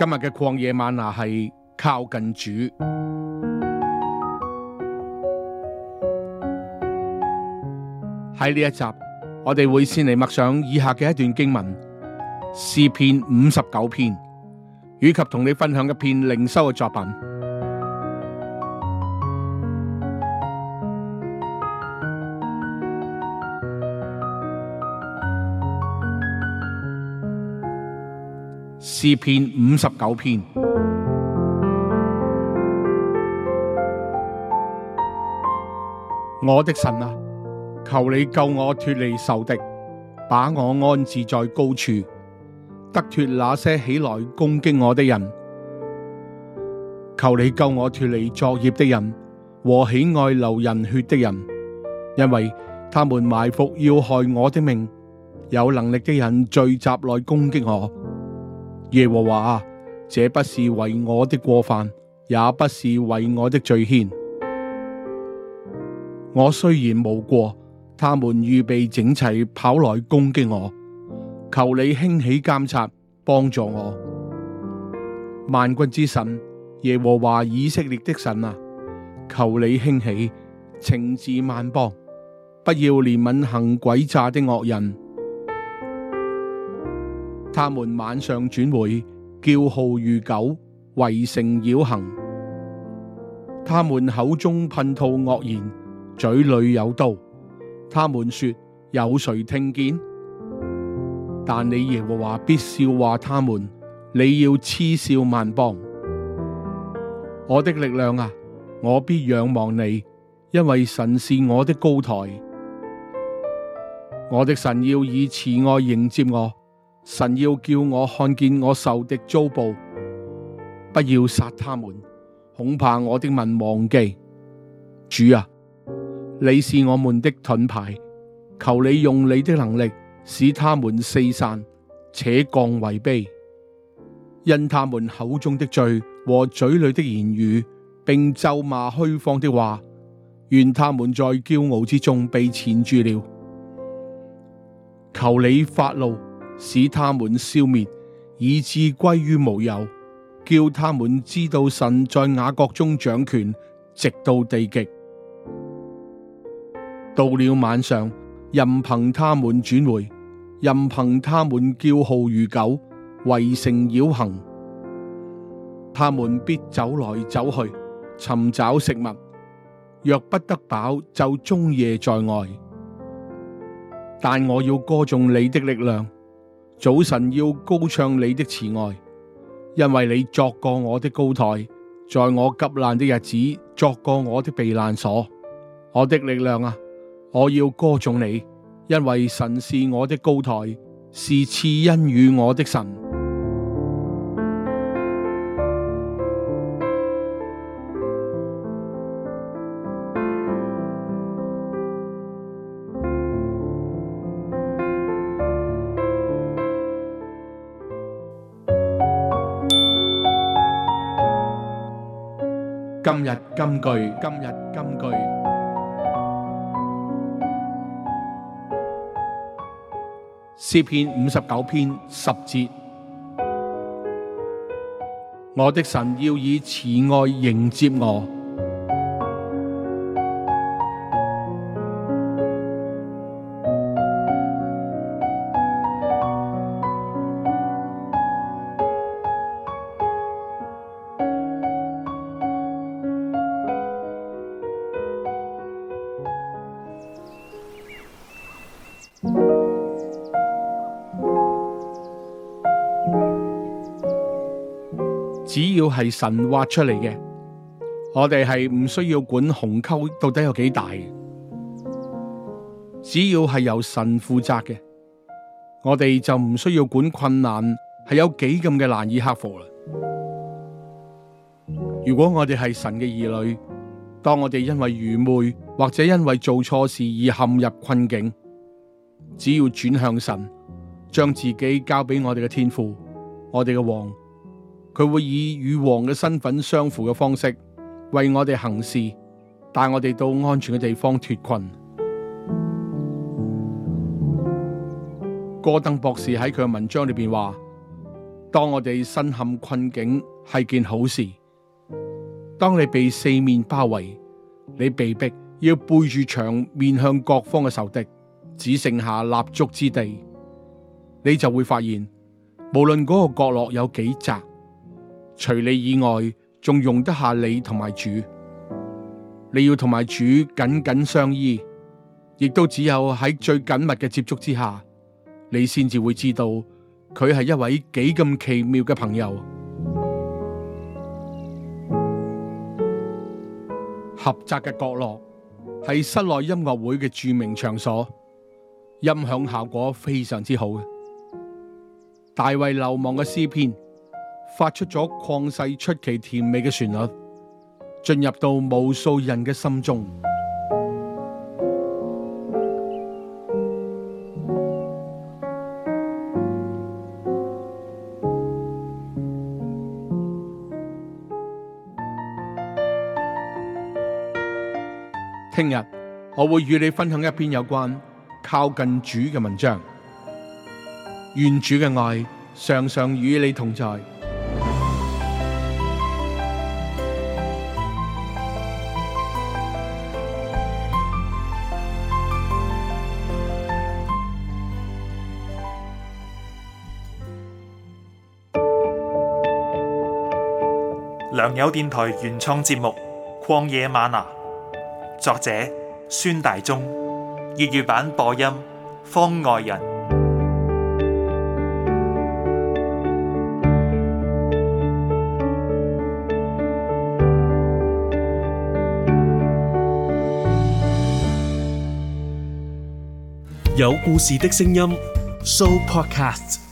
今日嘅曠野嗎哪係靠近主。喺呢一集，我哋會先嚟默想以下嘅一段經文，詩篇五十九篇，以及同你分享一篇靈修嘅作品。詩篇五十九篇。我的神啊，求你救我脫離仇敵，把我安置在高處，得脫那些起來攻擊我的人。求你救我脫離作孽的人和喜愛流人血的人，因為他們埋伏要害我的命。有能力的人聚集來攻擊我。耶和華啊，這不是為我的過犯，也不是為我的罪愆。我雖然無過，他們預備整齊跑來攻擊我。求你興起監察，幫助我。萬軍之神耶和華以色列的神啊，求你興起，懲治萬邦，不要憐憫行詭詐的惡人。他們晚上轉回，叫號如狗，圍城繞行。他們口中噴吐惡言，嘴裏有刀。他們說：有誰聽見？但你耶和華必笑話他們，你要嗤笑萬邦。我的力量啊，我必仰望你，因為神是我的高台。我的神要以慈愛迎接我。神要叫我看見我仇敵遭報，不要殺他們，恐怕我的民忘記。主啊，你是我們的盾牌，求你用你的能力使他們四散，且降為卑，因他們口中的罪和嘴裏的言語，並咒罵虛謊的話，願他們在驕傲之中被纏住了。求你發怒。使他們消滅，以致歸於無有；叫他們知道神在雅各中掌權，直到地極。到了晚上，任憑他們轉回，任憑他們叫號如狗，圍城繞行，他們必走來走去，尋找食物。若不得飽，就終夜在外。但我要歌頌你的力量。早晨要高唱你的慈愛，因為你作過我的高台，在我急難的日子作過我的避難所。我的力量啊，我要歌頌你，因為神是我的高台，是賜恩與我的神。今日金句，今日金句。詩篇五十九篇十節，我的神要以慈愛迎接我。只要係神挖出嚟嘅，我哋係唔需要管鴻溝到底有幾大。只要係由神負責嘅，我哋就唔需要管困難係有幾咁嘅難以克服啦。如果我哋係神嘅兒女，當我哋因為愚昧或者因為做錯事而陷入困境，只要轉向神，將自己交俾我哋嘅天父，我哋嘅王。佢會以與王嘅身份相符嘅方式為我哋行事，帶我哋到安全嘅地方脫困。戈登博士喺佢嘅文章裏邊話：當我哋身陷困境係件好事。當你被四面包圍，你被迫要背住牆面向各方嘅仇敵，只剩下立足之地，你就會發現，無論嗰個角落有幾窄。除你以外，仲容得下你同埋主。你要同埋主緊緊相依，亦都只有喺最緊密嘅接觸之下，你先至會知道佢係一位幾咁奇妙嘅朋友。狹窄嘅角落係室內音樂會嘅著名場所，音響效果非常之好嘅。大衛流亡嘅詩篇。發出咗曠世出奇甜美嘅旋律，進入到無數人嘅心中。聽日我會與你分享一篇有關靠近主嘅文章。願主嘅愛常常與你同在。良友電台原創節目《曠野嗎哪》，作者孫大中，粵語版播音方外人，有故事的聲音，So Podcast。